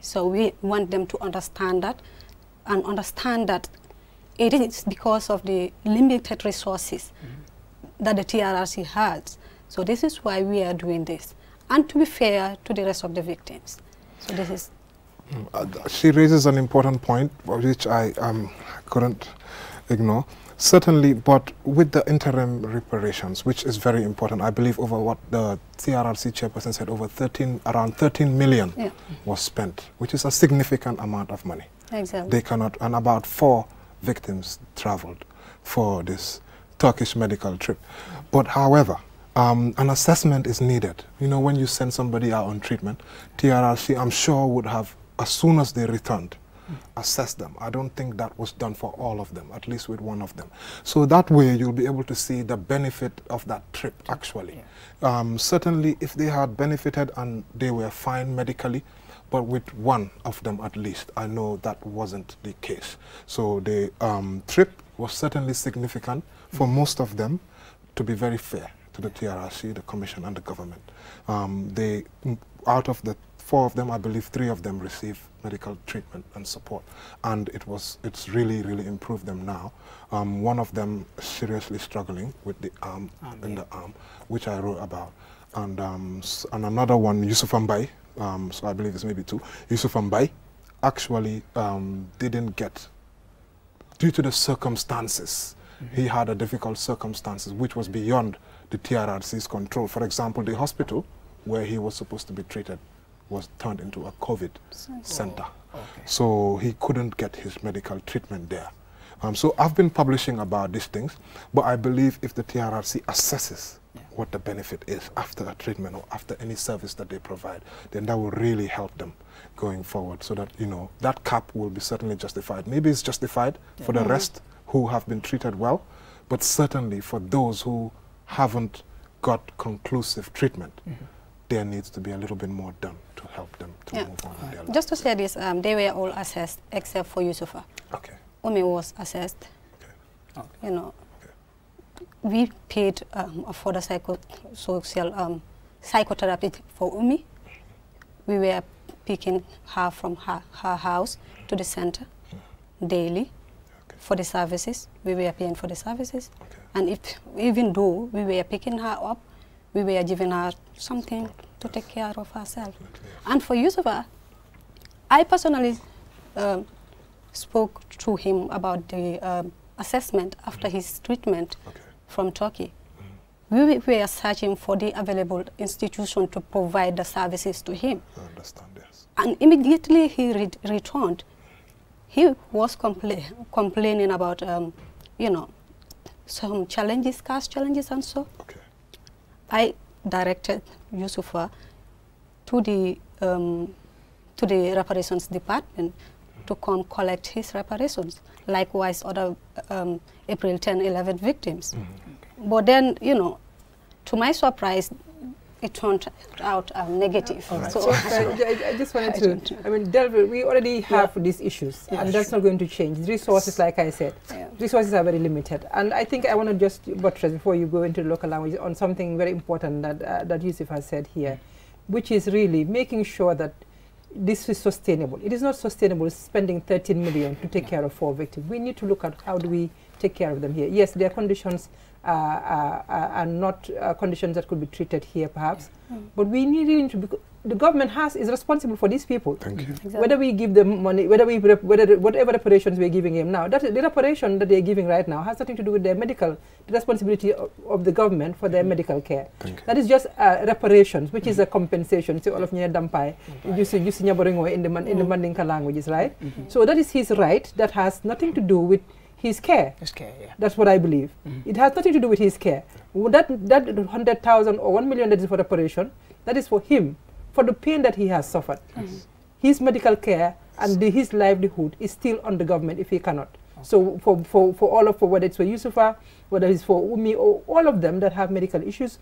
So we want them to understand that and understand that it is because of the limited resources mm -hmm. that the TRRC has. So this is why we are doing this. And to be fair to the rest of the victims. So this is... Mm, uh, she raises an important point, which I um, couldn't ignore. Certainly, but with the interim reparations, which is very important, I believe over what the CRRC chairperson said, over 13, around 13 million yeah. was spent, which is a significant amount of money. Exactly. They cannot, and about four victims traveled for this Turkish medical trip. But however, um, an assessment is needed. You know, when you send somebody out on treatment, TRRC, I'm sure, would have, as soon as they returned, assess them. I don't think that was done for all of them, at least with one of them. So that way you'll be able to see the benefit of that trip actually. Yeah. Um, certainly if they had benefited and they were fine medically, but with one of them at least, I know that wasn't the case. So the um, trip was certainly significant for mm. most of them, to be very fair to the TRRC, the Commission and the government. Um, they, out of the four of them, I believe three of them receive medical treatment and support. And it was, it's really, really improved them now. Um, one of them seriously struggling with the arm, in the arm, which I wrote about. And, um, and another one, Yusuf Ambai, um, so I believe it's maybe two, Yusuf Ambai actually um, didn't get, due to the circumstances, mm -hmm. he had a difficult circumstances which was beyond the TRRC's control. For example, the hospital where he was supposed to be treated was turned into a COVID center. Oh, okay. So he couldn't get his medical treatment there. Um, so I've been publishing about these things, but I believe if the TRRC assesses yeah. what the benefit is after a treatment or after any service that they provide, then that will really help them going forward so that, you know, that cap will be certainly justified. Maybe it's justified yeah. for the mm-hmm. rest who have been treated well, but certainly for those who haven't got conclusive treatment. Mm -hmm there needs to be a little bit more done to help them to yeah. move on their Just to say this, um, they were all assessed except for Yusufa. Okay. Umi was assessed. Okay. You know, okay. we paid um, for the psycho social um, psychotherapy for Umi. We were picking her from her, her house to the center mm-hmm. daily okay. for the services. We were paying for the services. Okay. And if, even though we were picking her up we were given her something to take care of herself. And for Yusufa, I personally uh, spoke to him about the uh, assessment after his treatment okay. from Turkey. We were searching for the available institution to provide the services to him. I understand, yes. And immediately he re returned. He was compla complaining about, um, you know, some challenges, cost challenges and so. Okay. I directed Yusufa to the um, to the reparations department to come collect his reparations. Likewise, other um, April 10, 11 victims. Mm -hmm. okay. But then, you know, to my surprise, it turned out um, negative. Right. So, so I, I, just wanted to, I mean, delve, we already have yeah. these issues, yeah. and that's not going to change. resources, like I said, yeah. resources are very limited. And I think I want to just buttress before you go into local language on something very important that, uh, that Yusuf has said here, which is really making sure that this is sustainable. It is not sustainable spending 13 million to take no. care of four victims. We need to look at how do we take care of them here. Yes, their conditions are, uh, uh, uh, are, not uh, conditions that could be treated here, perhaps, yeah. mm. but we need to the government has is responsible for these people. Exactly. Whether we give them money, whether we whether whatever reparations we're giving them now, that the reparation that they're giving right now has nothing to do with their medical the responsibility of, of the government for their mm -hmm. medical care. you. That is just uh, reparations, which mm -hmm. is a mm-hmm. compensation. So all of dampai, you, see, in the in the mm-hmm. Mandinka languages, right? Mm -hmm. So that is his right. That has nothing to do with his care. His care, yeah. That's what I believe. Mm-hmm. It has nothing to do with his care. That that hundred thousand or one million that is for reparation, that is for him for the pain that he has suffered. Yes. His medical care and the, his livelihood is still on the government if he cannot. So for, for, for all of, for whether it's for Yusufa, whether it's for Umi, or all of them that have medical issues,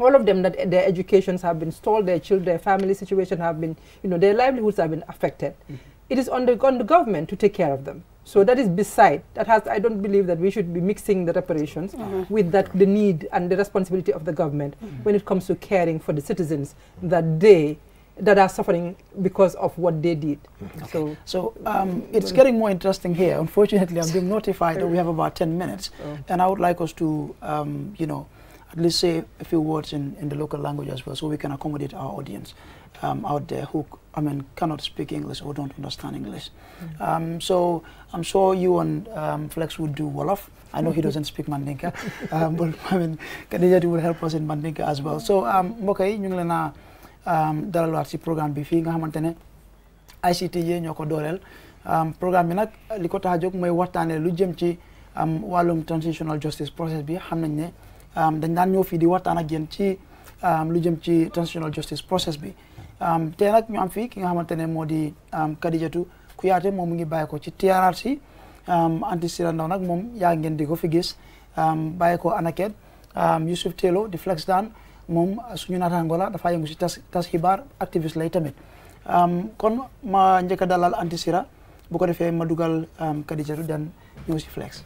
all of them that their educations have been stalled, their children, their family situation have been, you know, their livelihoods have been affected. Mm -hmm. It is on the, on the government to take care of them. So that is beside. That has. I don't believe that we should be mixing the reparations mm -hmm. with that the need and the responsibility of the government mm -hmm. when it comes to caring for the citizens that they that are suffering because of what they did. Mm-hmm. Okay. So, so uh, um, it's getting more interesting here. Unfortunately, I'm being notified that we have about 10 minutes, oh. and I would like us to, um, you know, at least say a few words in, in the local language as well, so we can accommodate our audience um, out there who I mean, cannot speak English or don't understand English. Mm. Um, so I'm sure you and um, Flex would do well off. I know he doesn't speak Mandinka, um, but I mean, Kadija will help us in Mandinka as well. So, um, okay, ñu ngi leen a um, dalal waat program programme nga xamante ne ICT ye nyoko dorel. dooleel um, programme bi nag li ko um, transitional justice process bi xam nañ dan dañ daan di waxtaan gen chi lu transitional justice process bi. Um, te nak ñu am fi ki nga xamantene modi um, di Kadijatu yaate mom mu ngi bayiko ci TRRC um, anti Sira Ndaw nak mom ya ngeen di ko fi gis um, bayiko anaket um, Yusuf Telo di flex dan mom suñu naataango la dafa yëngu ci tas tas hibar activist lay tamit kon ma ñëk dalal anti Sira bu ko defé ma um, Kadijatu dan ñu ci flex.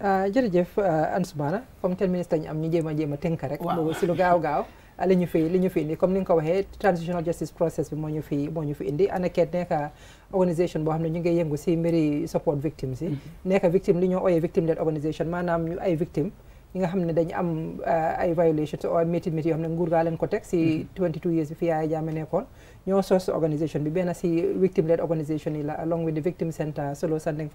Ah, jërëjëf Jeff ah, comme tel ministre ñu am ñu jema a jéem a rek. si lu gaaw gaaw. Ah, li ñu fi li ñu fi indi comme ni nga ko waxee transitional justice process bi moo ñu fi moo ñu fi indi ANACAID nekk organisation ne ñu ngi yëngu si mbiri support victims yi. Mm-hmm. nekk li ñoo ooyee victime led organisation maanaam ñu ay victime ñi nga ne dañu am ah, ay violations or métit métit yoo xam ne nguur gaa leen ko teg si 22 mm-hmm. years bi fi Yaya Jammeh nekkoon ñoo sos organisation bi benn si victime led organisation yi la along with the victim center Solo Sanding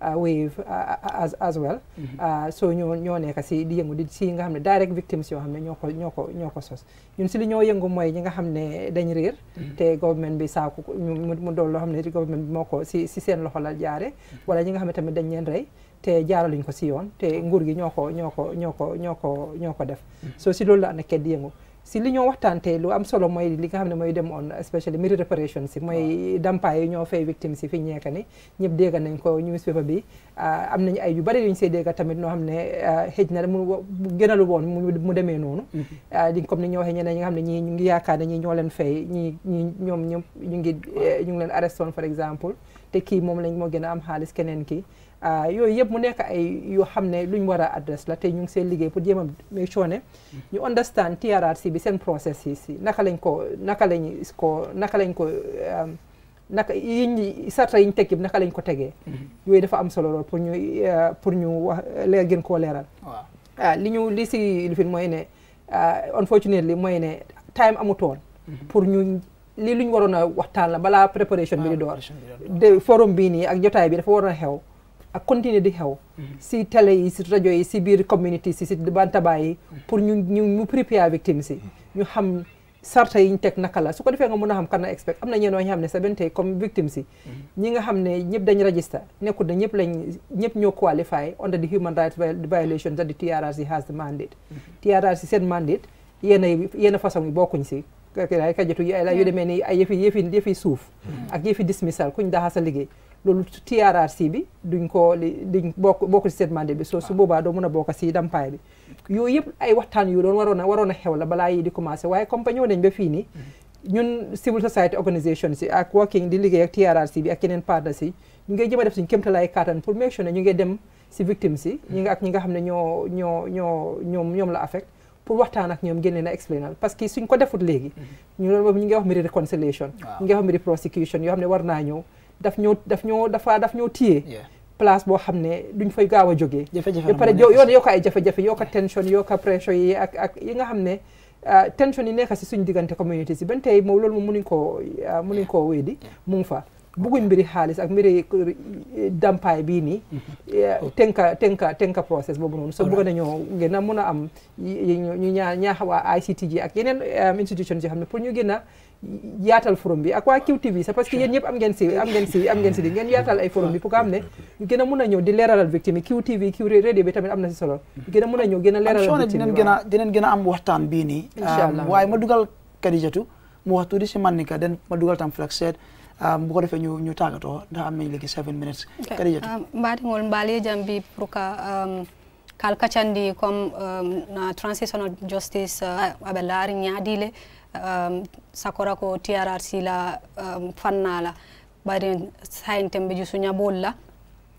Uh, a uh, uh, as as well. Mm-hmm. so ñoo ñoo nekk si di yëngu di si nga xam ne direct victims si xam ne ñoo ko ñoo ko ñoo ko sos ñun si li ñoo yëngu mooy ñi nga xam ne dañ réer. Mm-hmm. te government bi saako mu mu doon loo xam ne government bi moo ko si si seen loxo la jaare mm-hmm. wala ñi nga xam ne tamit dañ leen rey. te jaaraluñ ko si yoon te nguur gi ñoo ko ñoo ko ñoo ko ñoo ko ñoo ko def. so si loolu la nekkee di yëngu. si li ñoo waxtaantee lu am solo mooy li nga xam ne mooy dem on especially miri réparation si mooy dampaay yi ñoo fay victime si fi ñeeka ni ñëpp dégg nañ ko newspaper bi ah, am nañu ay yu bari yu ñu see dégg tamit noo xam ne ah, xëj na mu gënalu woon mu demee noonu mm-hmm. ah, di comme ni ñoo waxee ñeneen ñi nga xam ne ñi ñu ngi yaakaar ne ñoo leen fay ñi ñoom ñëpp ñu ngi eh, ñu ngi leen arrêté woon par exemple te kii moom lañ moo gën a am xaalis keneen kii Ah, yooyu yëpp mu nekk ay yoo xam ne luñ war a adresse la te ñu ngi seen liggéey pour jéem a make sure ne ñu understand TRRC bi seen process yi si naka lañ ko naka lañ ko naka lañ ko um, naka yiñ sarta yiñ teg naka lañ ko tegee mm-hmm. yooyu dafa am solo lool pour ñu uh, pour ñu wax leer gën koo leeral waaw ah, li ñu li si lifin mooy ne ah, unfortunately mooy ne time amutoon mm-hmm. pour ñu li luñ waroon a waxtaan la balaa préparation bi door forum bii nii ak jotaay bi dafa waroon a xew ak continuer di xew si télé yi si rajo yi si biir community si si bantaba yi pour ñu ñu ñu prépare victimes yi ñu xam teg naka la su ko defee nga mën a xam kan na expect am na ñenn ñoo xam ne sa benn comme victimes yi ñi nga xam ne ñëpp dañ register nekkul ne ñëpp lañ ñëpp ñoo qualify under the human rights violations that the TRRC has the mandate TRRC seen mandate yenn yenn façon yi bokkuñ si kay kajatu yi ay la yu demee ni ay yëfi yëfi yëfi suuf ak yëfi dismissal kuñ daxa sa liggéey loolu TRRC bi duñ ko li duñ bokk bokk ci seen bi soo su boobaa doo mën a bokk si dampaay bi yooyu yëpp ay waxtaan yu doon waroon a waroon a xew la balaa yi di commencé waaye compagnie ñëw nañ ba fii nii ñun civil society organisation si ak working di liggéey ak TRRC bi ak yeneen partners si ñu ngi jëm a def suñu kéemtalaay kaatan pour make sure ne ñu ngi dem si victimes si ñi nga ak ñi nga xam ne ñoo ñoo ñoo ñoom ñoom la affect pour waxtaan ak ñoom génne na explainal parce que suñ ko defut léegi mhm. ñu loolu ñu ngi wax mbiri réconciliation ñu ngi wax mbiri prosecution yoo xam ne war naa ñëw daf ñoo daf ñoo dafa daf ñoo téye place boo xam ne duñ fay gaaw a jógee ba pare yoon yokk ay jafe-jafe yokk tension yokk pression yi ak ak yi nga xam ne ah, tension yi nekk si suñ diggante community si ban tey moom loolu moom mënuñ koo ah, mënuñ koo wéddi mu ngi fa bugguñ mbiri xaalis ak mbiri eh, dampaay bii nii mm-hmm. eh, tenka tenka tenka process boobu noonu so bëgg nañoo gën a mun a am ñu ñaa ñaax waa ICTG ak yeneen eh, institutions yoo xam ne pour ñu gën a yaatal forum bi ak waa QTV sax parce que yéen ñëpp am ngeen si am ngeen si am ngeen si di ngeen yaatal ay forum bi pour que am ne gën a mun a ñëw di leeralal victime yi QTV Q radio bi tamit am na si solo gën a mun a ñëw gën a leeralal victime yi waaw dinañ gën a am waxtaan bii nii um, waaye ma dugal Kadijatu mu wax tuuti si man ni ka den ma dugal tam flag seet um, bu ko defee ñu ñu tàggatoo ndax am nañ léegi seven minutes Kadijatu um, mbaatiŋol mbaali jambi pour que kal kacandi comme na transitional justice uh, aɓe laari ñaadile um, sakora ko trrc la um, fanna bari sayinten ɓe jusu ñabol la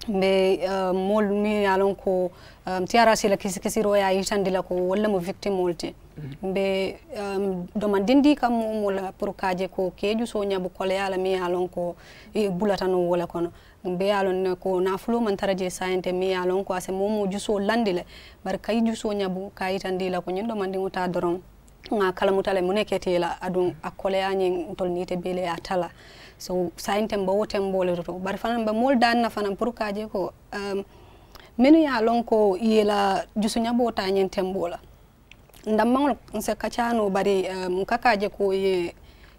mbe uh, mol mi yalon ko um, trrc la kisi kisiro ya yitandi la ko walla mo victime olte mhm. mbe um, domandindi kam momola pour kaje ko keju so ñabu koleya mi yalon ko e bulatano wola kono mbe yalon ko nafulo man taraje sayinte mi yalon ko ase momo juso landi le bar kay juso ñabu kayitandi la ko ñin domandingo ta doron nga kalamutala muneke la adun akoleyanyin ntol nite bele ya tala so sayintem ba wotem bole to bari fanan ba mol dan na fanan pour kaje ko um, menu ya lon ko yela jusu ta ñabota ñentem bola ndammaŋol nse kacano bari um, kakaje ko ye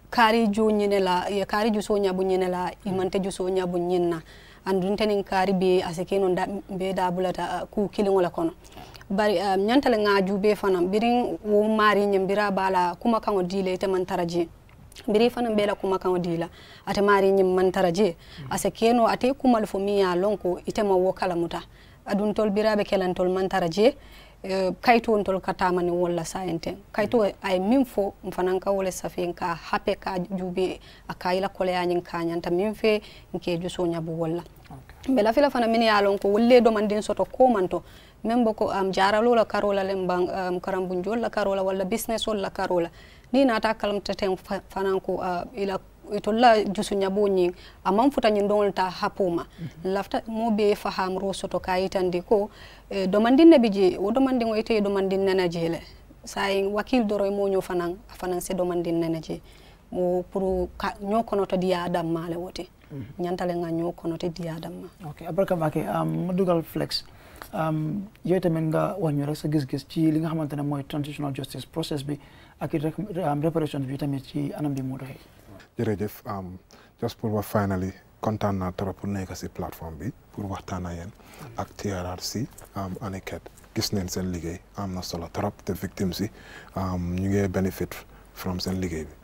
kari ju ñine la ye kaari juso ñabu ñine la imante juso ñabu ñinna kari bi be asikeno da, be da bulata uh, ku kiliŋo le kono bari um, eh, ñantale ŋaaju be fana biriŋ wo maariñiŋ bira baa la kumakaŋo dii la ite maŋ tara jee biri fana bela kuma kan dila ate mari nyim mantara je ase keno ate kuma lfo mi ya lonko ite ma wo kala muta adun tol birabe kelan tol mantara eh, kaito on tol katama ni sayente kaito ay min fo mfanan ka wala safen ka hape ka jube akayila kole yanyin kanyanta min fe nke juso nyabu wala okay. bela fila fana min ya lonko wolle do soto komanto même boko am jaralo la karola lem bang um, bunjol la karola wala business wala la karola ni nata kalamta tem fananko uh, ila itolla jusu ñaboñin amam futa ñin ta hapuma mm -hmm. lafta mo be faham ro soto ka yitandi ko e, domandinne bi je wo domandingo ite domandin nana je le sayin wakil doroy moño fanan fanan se domandin nana je mo pour kono to di adam male wote mm -hmm. ñantale nga ño konoto diya damma ok abarka make um, dugal flex yooyu tamit nga wax ñu rek sa gis-gis ci li nga xamante ne mooy transitional justice process bi ak it rek réparation bi tamit ci anam bi mu doxee. jërëjëf just pour wax finally kontaan naa trop pour nekk si plateforme bi pour waxtaan ak yéen ak TRRC ANICAD gis neen seen liggéey am na solo trop te victimes yi ñu ngi benefit from seen liggéey bi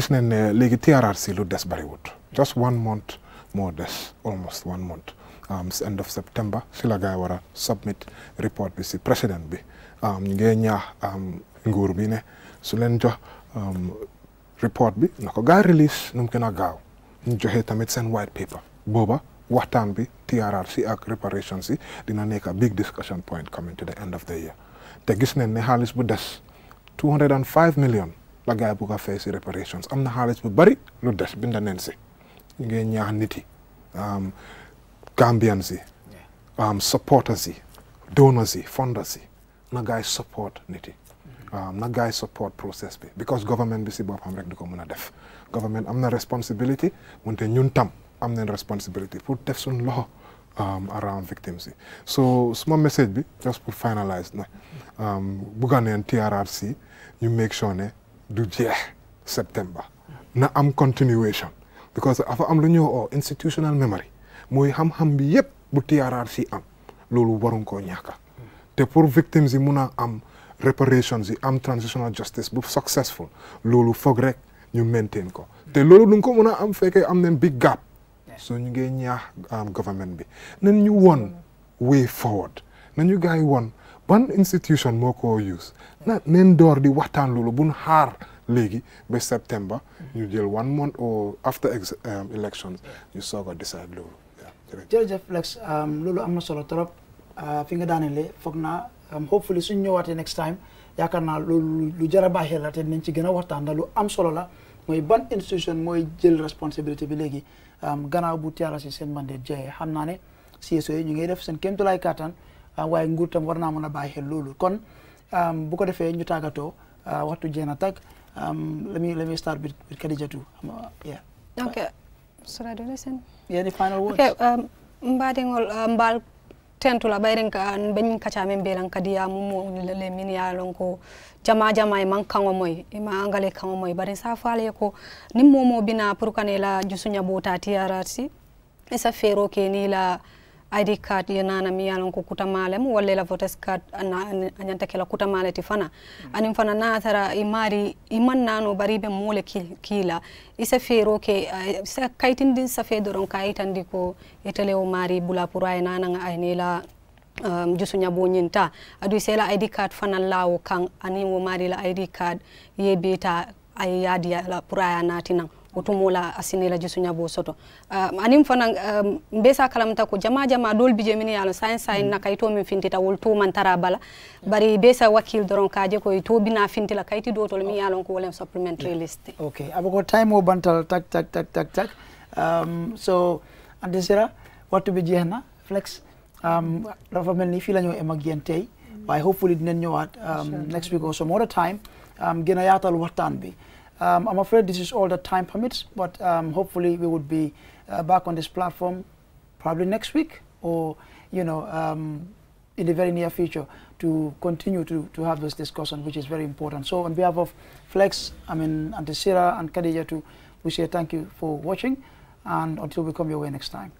gis neen ne léegi TRRC lu des bariwut just one month moo des almost one month um, end of September si la gaay submit report bi si président bi ñu ngi um, nguru bi ne su leen jox report bi Nako gai release nu mu gën a gaaw tamit seen white paper Boba, watan bi TRRC ak reparation si dina neka big discussion point coming to the end of the year te gisne ne halis bu des 205 million la gai bu ka face reparations Amna halis bu bari lu des binda nensi. si ñu ngi ñaax Gambiansi, um, supportersi, donorsi, fundersi, nagay support niti. Mm-hmm. Um, nagay support process bi because government bisi si boppam rek du ko def government am na responsibility wante nyuntam, amna am responsibility Put def suñ um, around victims so small message bi just put finalize na um, bugga neen TRRC you make sure ne du jeex September. Mm-hmm. na am continuation because dafa am lu ñëw institutional memory mooy xam-xam bi yëpp bu TRRC am loolu waruñ koo ka te pour victimes yi mun a am reparations yi am transitional justice bu successful loolu foog rek ñu maintain ko te loolu duñ ko mun a am fekkee am nañ big gap so ñu gee ñaax am um, government bi nañ ñu won way forward nañu gars yi won ban institution moo ko use na neen door di waxtaan loolu bun xaar léegi ba septembre ñu jël one month or after um, elections ñu soog a decide loolu jërëjëf Lex loolu am na solo trop ah, fi nga daanelee foog naa hopefully suñ ñëwaatee next time yaakaar naa lu jar a baaxee la te dinañ ci gën a waxtaan am solo la mooy ban institution mooy jël responsabilité bi léegi gannaaw bu tiara si seen mandat jeexee xam naa ne CSO yi ñu ngi def seen kéemtulaay kàttan ah, waaye nguur tam war naa mën a bàyyi xel loolu kon bu ko defee ñu tàggatoo ah, waxtu jéem a tag let me let me start with Khadijatu yeah. ok should I do this in? Yeah, the final words? Okay, um, ol uh, mbal la bayrin ka ben kacha men belan kadiya mumo le min ya ko jama jama man kango moy ima angale kango moy bari sa faale ko nim mo bina pour kanela jusunya bota tiarati esa fero ke ni la ID card ye nana mi yalon ko kutamale mu walla la votes card anyanta kela kutamale ti fana mm anin fana na tara imari iman nano baribe mole kila isa fero ke uh, kaitin din safe doron kaitan di ko etele o mari bula pura e nana nga ainela um, jusu ñaboñinta adu sela ID card fana lawo kan anin wo mari la ID card ye beta ay yadi la pura ya natinan wotumola asinela jisu nyabu soto uh, um, anim fana um, mbesa kalamta ko jama jama dol bije min yalo sain sain mm. na kaito min fintita wol to man tara bala bari besa wakil doron kaje ko to bina fintila kayti do tol min oh. yalon ko wolen supplementary list okay abako time o bantal tak tak tak tak tak um, so andesira watu be jehna flex um, rafa melni fi lañu ema ak yeen tay waaye mm. hopefully dinañ ñëwaat um, next week or some other time um, gën a yaatal bi Um, I'm afraid this is all the time permits, but um, hopefully we would be uh, back on this platform probably next week or, you know, um, in the very near future to continue to, to have this discussion, which is very important. So on behalf of Flex, I mean, Auntie Sarah and Khadija too, we say thank you for watching and until we come your way next time.